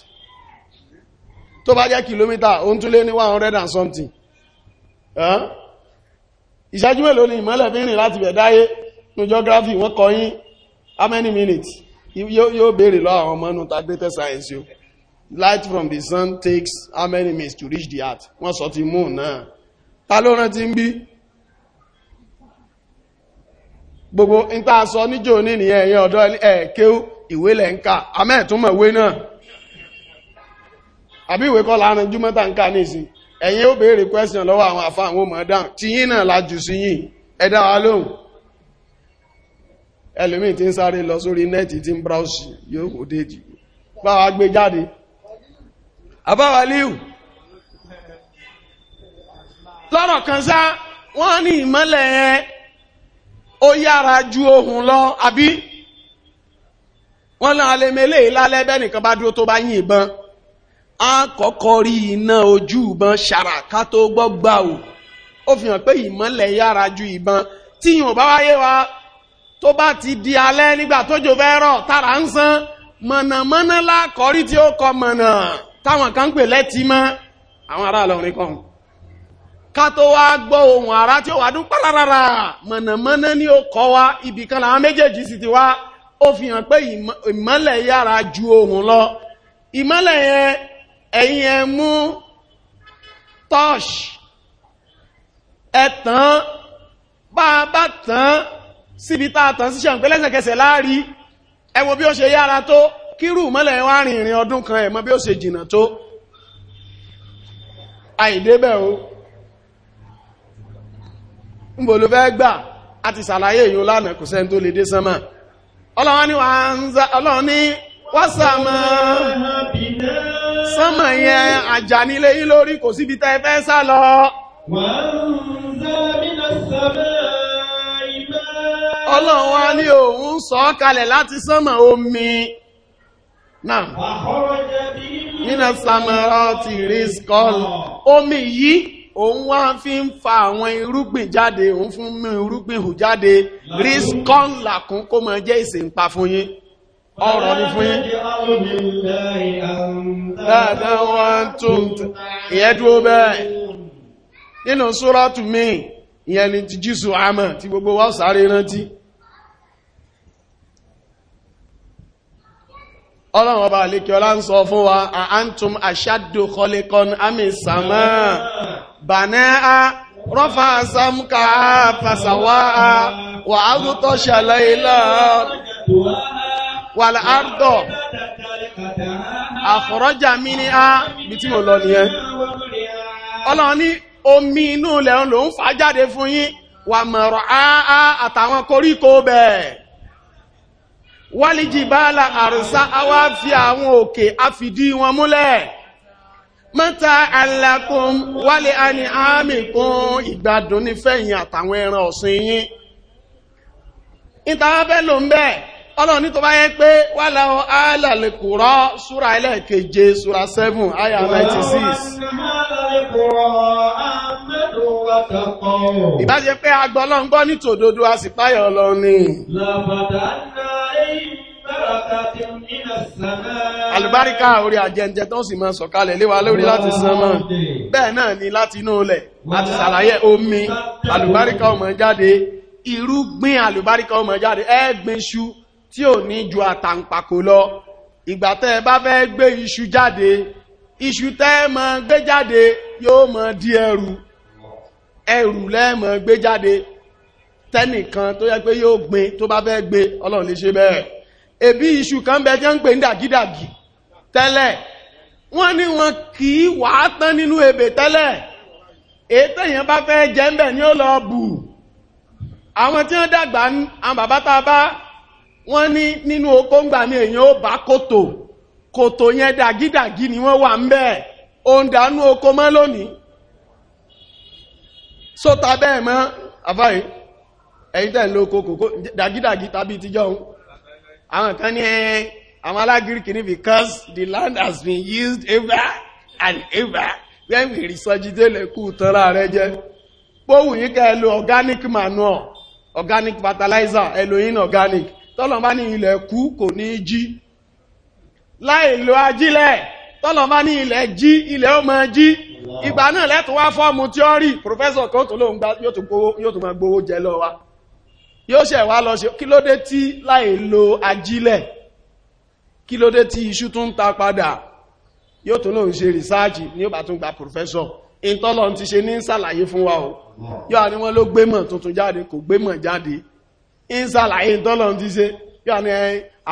tó bá jẹ́ kìlómítà ó ń túnlé ní 100 and something ìṣẹ́jú mélòó ni ìmọ́lẹ̀ fi rìn láti bẹ̀dáyé ní geography wọ́n kọ yín how many minutes yóò béèrè lọ àwọn ọmọ inú tagbated science yóò light from the sun takes how many minutes to reach the earth wọ́n sọ ti moon náà ta ló rántí ń bí gbogbo ń tàà sọ níjò ní nìyẹn ẹ̀yẹ ọ̀dọ́ ẹ̀ẹ́kéw ìwé lẹ́ ń kà ìwé náà àbí ìwé kọ́ láàrin júmọ́ tá ń ká nísìn ẹ̀yin ó béèrè question lọ́wọ́ àwọn àfa àwọn ọmọ dáhùn tí yín náà la jù sí yín ẹ dá wa lóhùn ẹlòmíì tí ń sáré lọ sórí nẹ́ẹ̀tì tí ń bráùsì yóò kò déjì bá wa gbé jáde àbáwa líhù lọ́rọ̀ kan sá wọ́n ní ìmọ́lẹ̀ ẹ ó yára ju ohun lọ àbí wọ́n náà lè mẹ́lẹ̀ ìlálẹ́bẹ́ nìkan bá dúró tó bá yìnbọn a kọ́kọ́ rí iná ojú ìbọn ṣàrà ká tó gbọ́ gbà o ó fi hàn pé ìmọ́lẹ̀ yára ju ìbọn tí ìwọ̀n bá wáyé wa tó bá ti di alẹ́ nígbà tójò fẹ́ rọ̀ tára ń sán mọ̀nàmọ́ná lákọ̀ọ́rí tí ó kọ mọ̀nà táwọn kan ń pè lẹ́tí mọ́ àwọn ará Ìlọrin kan ká tó wá gbọ́ ohun àrá tí ó wà dún párárárá mọ̀nàmọ́ná ni ó kọ́ wa ibìkan làwọn méjèèjì sì ti wá ó fi hàn pé ìmọ́lẹ̀ yára ju ohun lọ ìmọ́lẹ̀ yẹn ẹ̀yìn ẹ mú ẹ̀tàn bá bá tàn síbi sí ṣàǹpé lẹ́sẹ̀kẹsẹ̀ láàrí bí ó ṣe yára tó kírù mọ́lẹ̀ wá rìn ìrìn ọdún kan ẹ bí ó ṣe jìnà tó àìdébẹ̀ o ń bò ló fẹ́ gbà sàlàyé èyí kò tó lè dé sánmà ọlọ́wọ́ ni wọ́n sánmà yẹn àjà nílé yín lórí kò síbi tẹ́ fẹ́ sá lọ. ọlọ́run wa ní òun sọ kalẹ̀ láti sánmà omi náà nínú sàmọ̀rọ̀ ti rizkọ́l omi yìí òun wá fi ń fa àwọn irúgbìn jáde òun fún mú irúgbìn hù jáde rizkọ́l làkún kó mọ jẹ́ ìsìnpa fún yín ọrọ̀ ni fún yín láàdá wọn tó ìyẹn dúró bẹ́ẹ̀ nínú sóràtù míì ìyẹn ni ti tí gbogbo wa sáré rántí ọlọ́run ọba àlékí ọlá ń sọ fún wa àántùm àṣádò kọlẹ́kọ́n àmì sàmà bànẹ́ a rọ́fà sàmùkà fàṣàwà a wà ágùtọ̀ àkọ̀rọ́jà mi ní á bí tí mo lọ nìyẹn ọlọ́run ní omi inú ilẹ̀ òun ló ń fà jáde fún yín wà mọ̀rọ̀ áá àtàwọn koríko bẹ́ẹ̀ wálíjì báàlà àrùsá a fi àwọn òkè àfìdí wọn múlẹ̀ mọ́ta alákùn wálé àní àmì kún ìgbádùn nífẹ̀yìn àtàwọn ẹran ọ̀sìn yín ìtàwọn fẹ́ ń bẹ́ẹ̀ ọlọ́run ní tó bá yẹ pé wà láwọn alàlè kò rọ́ súra ẹlẹ́ẹ̀keje súra 7 aya 96 ìbájẹ́ pé agbọ́ ọlọ́run gbọ́ ní tòdodo a sì páyọ̀ ọlọ́run ni Àlùbáríkà orí àjẹjẹ tó sì máa sọ̀kalẹ̀ léwa lórí láti sánmọ̀. Bẹ́ẹ̀ náà ni láti inú ilẹ̀, láti sàlàyé omi, àlùbáríkà ó máa jáde, irúgbìn àlùbáríkà ó jáde, ẹgbìn tí ò ní ju àtàǹpàkò lọ ìgbà tẹ́ ẹ bá fẹ́ gbé iṣu jáde iṣu tẹ́ ẹ máa gbé jáde yóò máa di ẹrù ẹrù lẹ́ máa gbé jáde tẹ́nìkan tó yẹ pé yóò gbé tó bá fẹ́ gbé ọlọ́run lè ṣe bẹ́ẹ̀ ẹbí iṣu kan bẹ jẹ́ ń pè ní dàgídàgì tẹ́lẹ̀ wọ́n ní wọn kì í wàá tán nínú ebè tẹ́lẹ̀ ètò bá fẹ́ jẹ́ ń bẹ̀ ni ó lọ bù àwọn tí wọ́n dàgbà àwọn bàbá tá a bá wọ́n ní nínú okó ń gbà ní èèyàn ó bá kòtò kòtò yẹn dàgídàgí ni wọ́n wà ń bẹ́ẹ̀ òun dànù okó mọ́ lónìí sóta bẹ́ẹ̀ mọ́ àbáyé koko dagidagi tabi kò kòkó dàgídàgí tàbí tíjọ́ ohun àwọn kan ní ẹ̀yẹn àwọn alágíríkì ní because the land has been used ever and ever when we resurgitate lẹ́kù tọ́ra rẹ jẹ́ pòwù yíká ẹ lò organic manure organic fertilizer ẹ inorganic tọ́lọ̀ bá ní ilẹ̀ kú kò ní jí láì lo ajílẹ̀ tọ́lọ̀ bá ní ilẹ̀ jí ilẹ̀ ó máa jí ìgbà náà lẹ́tún wá fọ́ọ̀mù tíọ́rì pòfẹ́sọ̀ kan tó lóun yóò tún máa gbowó jẹ lọ wa yóò ṣẹ̀ wá lọ ṣe kí ló dé tí láì lo ajílẹ̀ kí ló dé tí iṣu tún ta padà yóò tún lóun ṣe rìsáàjì ní ó bá tún gba pòfẹ́sọ̀ ìtọ́lọ̀ ti ṣe ní ṣàlàyé fún wa o yóò àríwọ́n ló gbémọ̀ tuntun jáde kò gbémọ̀ jáde ń sàlàyé tọ́lọ̀ ti ṣe yóò ní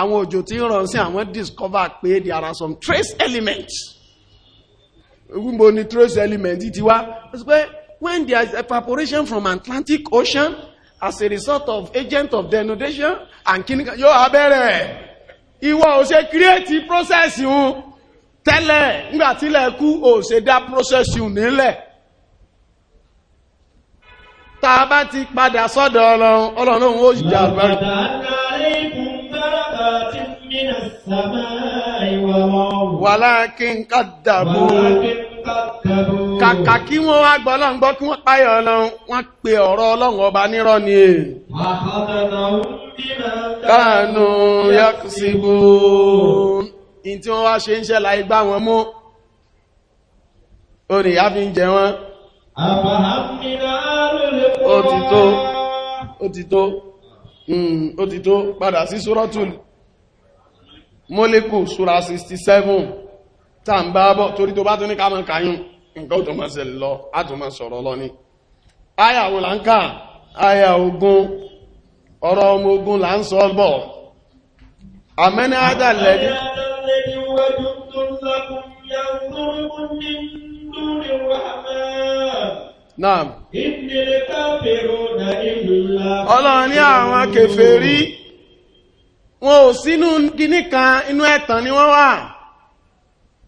àwọn òjò tí ń ràn sí àwọn discover pé there are some trace elements gbogbo ni trace elements ti wá when there is evaporation from Atlantic Ocean as a result of agent of denudation and clinical yóò abẹ́rẹ̀ ìwọ ò ṣe create process un tẹ́lẹ̀ nígbàtílẹ̀ kú ò ṣe dá process un nílẹ̀ tá a bá ti padà sọ́dọ̀ ọlọ́run ọlọ́run ó jà bá. wàlákin kàdàbò kàkà kí wọ́n wá gbọ́ ọlọ́run gbọ́ kí wọ́n páyọ̀ ọlọ́run wọ́n pe ọ̀rọ̀ ọlọ́run ọba nírọ́ ni è. káànù yakusibu ní tí wọ́n wá ṣe ń ṣẹlá igbá wọn mú orin ìyá fi ń jẹ wọn. àbàhàmìnà ó ti tó ó ti tó mm, ó ti padà sí suratul mọ́lẹ́kù sura 67 tá ń bá bọ́ torí tó bá tó ní ká mọ́ kàyún nǹkan tó mọ́ sí lọ átùmọ́ sọ̀rọ̀ lọ ní ayàwó là ń ọ̀rọ̀ ọmọ là ń sọ bọ̀ àmẹ́ni ádàlẹ́dí Yàwó Naam. Ọlọ́run ní àwọn kèfèrí, wọn ò sínú kinní kan inú ẹ̀tàn ni wọ́n wà.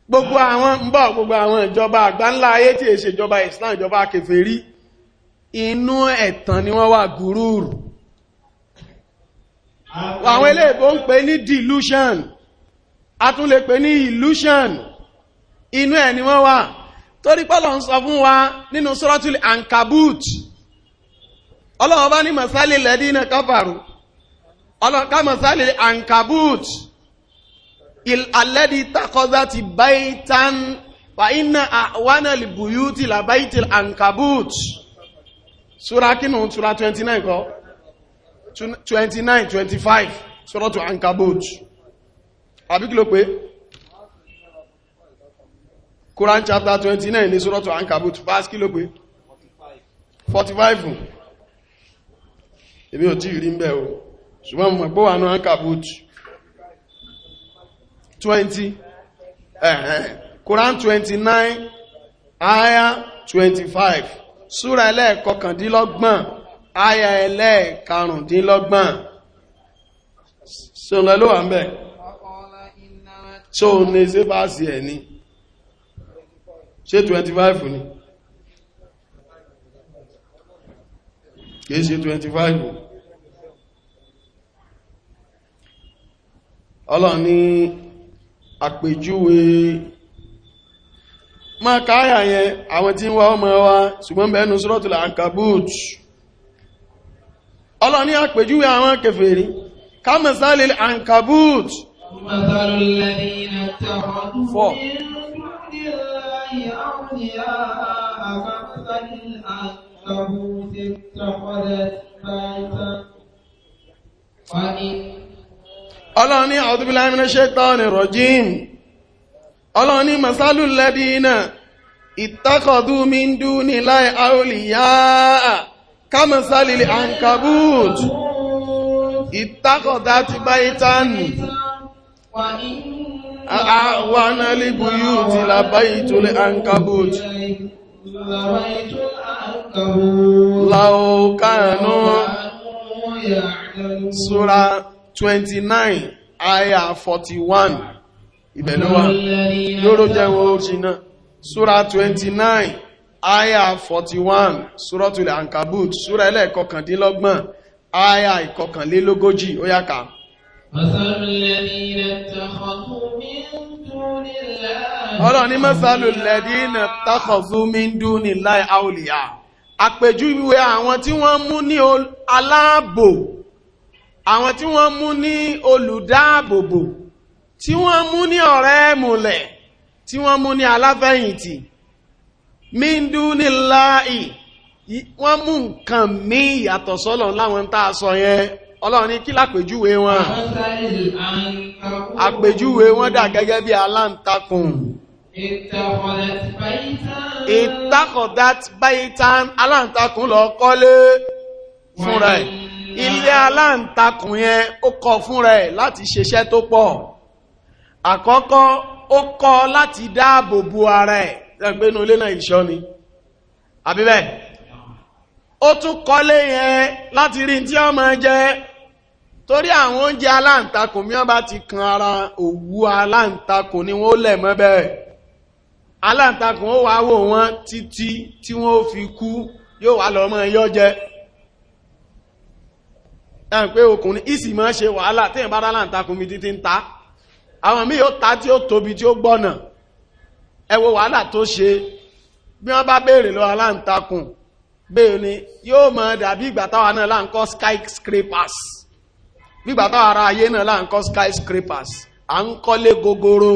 Gbogbo àwọn ń bọ̀ gbogbo àwọn ìjọba àgbáńlá ayé tí è ṣèjọba Islam ìjọba kèfèrí, inú ẹ̀tàn ni wọ́n wà gúrúrù. Àwọn ilé ń pè ní delusion, a tún lè pè ní illusion, inú ẹ̀ ni wọ́n wà torí pé Ọlọ́run sọ fún wa nínú sọ́rọ́tìlì ankabut Ọlọ́run bá ní masali lẹ́dínà káfàrú Ọlọ́run ká masali ankabut alẹ́dí takọ́dá ti baitan fa iná àwọn alìbùyútì làbáyìtì ankabut sura kínú sura 29 kọ́ 29 25 sọ́rọ́tù ankabut àbíkí ló pé Quran chapter 29 ní Suratu Ankabut, verse kí ló pé? 45. Èmi ò tí rí ń bẹ̀ o, ṣùgbọ́n mo pọ̀ wà ní Ankabut. 20. Ẹ̀hẹ̀n. Quran 29, Aya 25. Súra ẹlẹ́ẹ̀kọkàndínlọ́gbọ̀n, Aya ẹlẹ́ẹ̀karùndínlọ́gbọ̀n. Ṣé ọ̀nà ló wà ń bẹ̀? Ṣé ò ní ṣe bá sí ẹ̀ ni? ṣe 25 ni kìí ṣe 25 ọlọ́run ní àpèjúwe ma káyà yẹn àwọn tí ń wá ọmọ wa ṣùgbọ́n bẹ̀ẹ́nu suratul Ankabut ọlọ́run ni àpèjúwe àwọn kèfèrí kama salil Ankabut Fọ́. أولياء فامسك العنكبوت اتخذت بيتا Ọlọ́run ní أعوذ بالله من الشيطان الرجيم Ọlọ́run ní مثل الذين اتخذوا من دون الله أولياء كمثل العنكبوت اتخذت بيتا وإن أعوان لبيوت لبيت العنكبوت لو كانوا Surah 29 Aya 41 Ibẹ̀ Lóró jẹ́ wo ṣìnà. Surah 29 Aya 41 Suratul Ankabut Surah ẹlẹ́ẹ̀kọkàndínlọ́gbọ̀n Aya ìkọkànlélógójì ó yá ká. Masalul ladhina ittakhadhu ọlọ́run ní mọ́sálù lẹ́dínà tàkọ̀zú míndú ní láì àwòlìyà àpèjúwe àwọn tí wọ́n mú ní aláàbò àwọn tí wọ́n mú ní olùdáàbòbò tí wọ́n mú ní ọ̀rẹ́ mùlẹ̀ tí wọ́n mú ní aláfẹ̀yìntì míndú ní láì wọ́n mú nǹkan mí ìyàtọ̀ sọ́lọ̀ láwọn tá a sọ yẹn ọlọ́run ní kí lápèjúwe wọn àpèjúwe wọn dà gẹ́gẹ́ bí aláǹtakùn ìtàkọ̀dát báyìtàn aláǹtakùn lọ kọ́lé fúnra ẹ̀ ilé aláǹtakùn yẹn ó kọ́ fúnra ẹ̀ láti ṣeṣẹ́ tó pọ̀ àkọ́kọ́ ó kọ́ láti dáàbò bo ara ẹ̀ lẹ́gbẹ́ inú ilé náà ìṣọ́ ni àbíbẹ̀ ó tún kọ́lé yẹn láti rí tí ó máa jẹ torí àwọn oúnjẹ aláǹtakùn mi bá ti kan ara òwú aláǹtakùn ni wọ́n lẹ̀ mọ́ bẹ́ẹ̀ aláǹtakùn ó wá wò wọ́n títí tí wọ́n ó fi kú yóò wá lọ́mọ yọ́ jẹ́ ẹn pé okùnrin ìsì máa ṣe wàhálà tí ìbára aláǹtakùn mi títí ń ta àwọn míì ó ta tí ó tóbi tí ó gbọ́nà ẹ wo wàhálà tó ṣe bí wọ́n bá béèrè lọ aláǹtakùn bẹ́ẹ̀ ni yóò mọ̀ dàbí ìgbà náà là skyscrapers bí ìgbà táwa ara ayé náà là skyscrapers à ń kọ́lé gogoro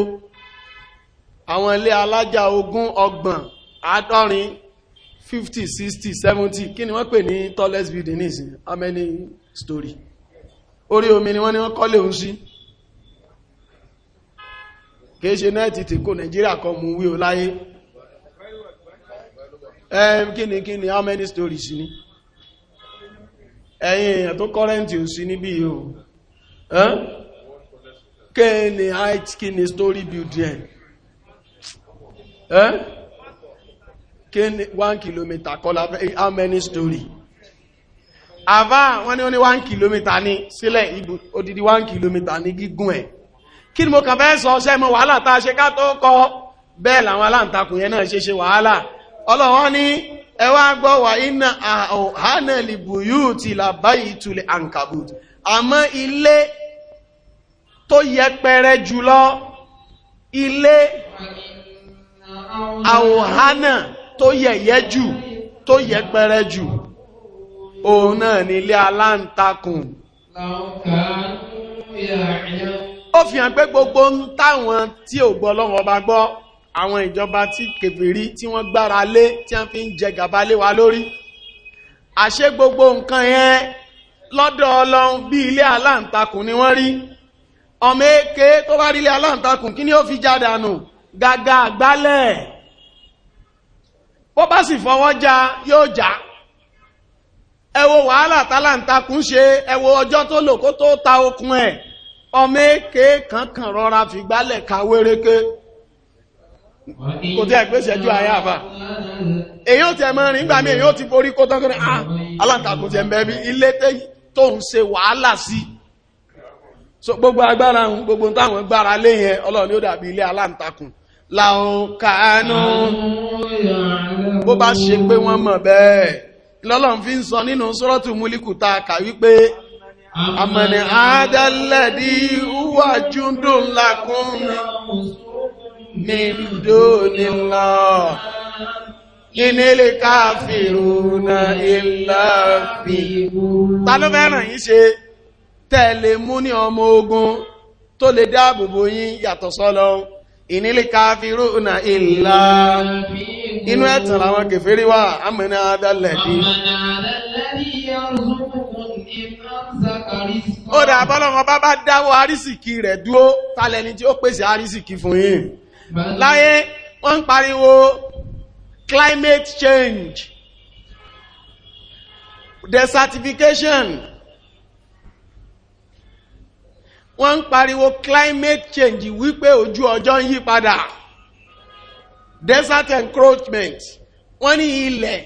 àwọn ilé alájà ogún ọgbọ̀n àádọ́rin fifty sixty seventy kí ni wọ́n pè ní tallest building nísìnyí how many story orí omi ni wọ́n ní wọ́n kọ́lé òun sí kìí ṣe nẹ́ẹ̀tì tí kò nàìjíríà kan mú wí o láyé ẹm kí ni kí ni how many stories ni ẹ̀yìn èèyàn tó kọ́rẹ́ntì ò sí níbí o kí ni height kí ni story building eh one kilometer kọ́lá how many story Ava, wọ́n ní one kilometer ní sílẹ̀ ibù odidi one kilometer ní gígùn ẹ̀ kí ni mo kàn fẹ́ sọ ṣẹ́ mọ́ wàhálà tá a ṣe ká tó kọ́ bẹ́ẹ̀ làwọn aláǹtakùn yẹn náà ṣe ṣe wàhálà ọlọ́wọ́n ní ẹwà gbọ́ wà iná àhánà lìbùyù ti làbáyì ìtulẹ̀ ankabut àmọ́ ilé tó yẹpẹrẹ jùlọ ilé àwòhánà tó yẹ̀yẹ́ jù tó yẹpẹrẹ jù òun náà ni ilé aláǹtakùn ó fi hàn pé gbogbo ń táwọn tí ò gbọ́ lọ́wọ́ ọba gbọ́ àwọn ìjọba tí kèfèrí tí wọ́n gbára lé tí wọ́n fi ń jẹ gàba lé wa lórí àṣé gbogbo nǹkan yẹn lọ́dọ̀ ọlọ́run bí ilé aláǹtakùn ni wọ́n rí ọmọ èké tó bá rí ilé aláǹtakùn kí ni ó fi já dànù gàgà àgbálẹ̀ bó bá sì fọwọ́ já yóò já ẹ wo wàhálà tálàntakùn ṣe ẹ wo ọjọ́ tó lò kó tó ta okun ẹ̀ ọmọ èké kankan rọra fi gbálẹ̀ ka wéréké kò tí ẹ gbé ṣẹ́jú ayé àbá èyí ò tẹ mọ́ rìn gbà mí èyí ò ti borí kó tán kí ni ah aláǹtakùn tẹ mẹ́bí ilé tó ń ṣe wàhálà sí so gbogbo agbára ń gbogbo táwọn gbára lé yẹn ọlọ́run yóò dàbí ilé aláǹtakùn láhùn káánú bó bá ṣe pé wọ́n mọ̀ bẹ́ẹ̀ lọ́lọ́n fi ń sọ nínú sọ́rọ́tù múlíkù ta kà wípé àmọ̀nì àádẹ́lẹ́dí wà júndò ńlá kún mi dò nílá ìnílé káfìrù na ìlà fìbú ta ló fẹ́ràn yín ṣe tẹ́lẹ̀ mú ní ọmọ ogun tó lè dáàbòbò yín yàtọ̀ sọ́lọ́run ìnílé káfíró na ìlà inú ẹ̀tàn àwọn kèfèrí wà àmìnà adálẹ̀dí ó dà bọ́lọ́wọ́ bá bá dáwọ́ arísìkí rẹ̀ dúró tàlẹ́ni tí ó pèsè arísìkí fún yín láyé wọ́n ń pariwo climate change desertification wọ́n ń pariwo climate change wípé ojú ọjọ́ ń yí padà desert encroachment wọ́n ní ilẹ̀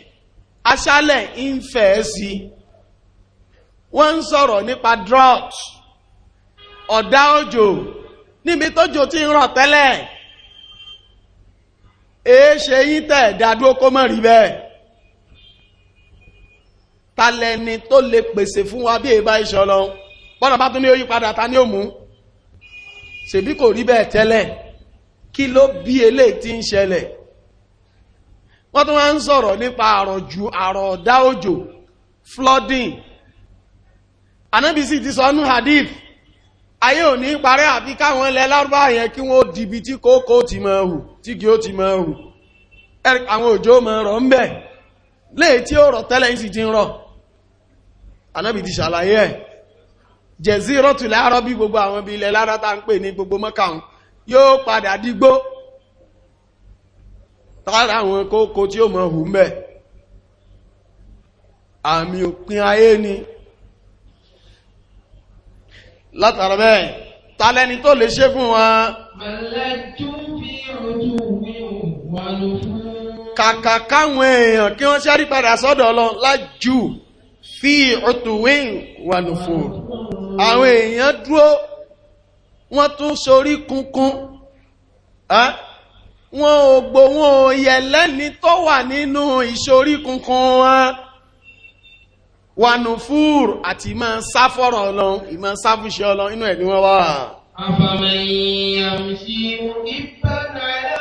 aṣálẹ̀ ń fẹ̀ sí wọ́n ń sọ̀rọ̀ nípa drought ọ̀dá òjò níbi tójò ti ń rọ̀ tẹ́lẹ̀ èé ṣe yín tẹ̀ dádúró kó mọ̀ rí bẹ́ẹ̀ talẹ́ni tó lè pèsè fún wa bí èé bá bọ́nà bá tún ní oyí padà ta ní òmú ṣèbí kò rí bẹ́ẹ̀ tẹ́lẹ̀ kí ló bí elé tí ń ṣẹlẹ̀ wọ́n tún wá ń sọ̀rọ̀ nípa àrọ̀jù àrọ̀dá òjò flooding anábì sì ti sọ nú hadith ayé ò ní parẹ́ àfi káwọn ilẹ̀ lárúbá yẹn kí wọ́n dìbí tí kókó ti mọ̀ hù tí kí ó ti mọ̀ hù àwọn òjò mọ̀ rọ̀ ń bẹ̀ léè tí ó rọ̀ tẹ́lẹ̀ ń sì ti ń rọ̀ anábì ti ṣàlàyé ẹ̀ jẹ̀zírọ̀tù láàárọ̀ bí gbogbo àwọn ibi ilẹ̀ lára tá ń pè ní gbogbo mọ́kàun yóò padà dígbó tára àwọn kókó tí ó mọ̀ hù mẹ́ àmì òpin ayé ni látara bẹ́ẹ̀ talẹ́ni tó lè ṣe fún wọn kàkà káwọn èèyàn kí wọ́n ṣẹ́rí padà sọ́dọ̀ lọ lájú fi ọ̀tùwé wà nùfòrò àwọn èèyàn dúró wọ́n tún sorí kunkun wọn ò gbowó yẹ lẹ́ni tó wà nínú ìsorí kunkun wọn wanufur àti ìmọ̀ sáfọ̀rọ̀ ọlọ́run ìmọ̀ sáfúnṣe ọlọ́run inú ẹ̀ ni wọ́n wà. àbàmì ìyàmùsí ìbára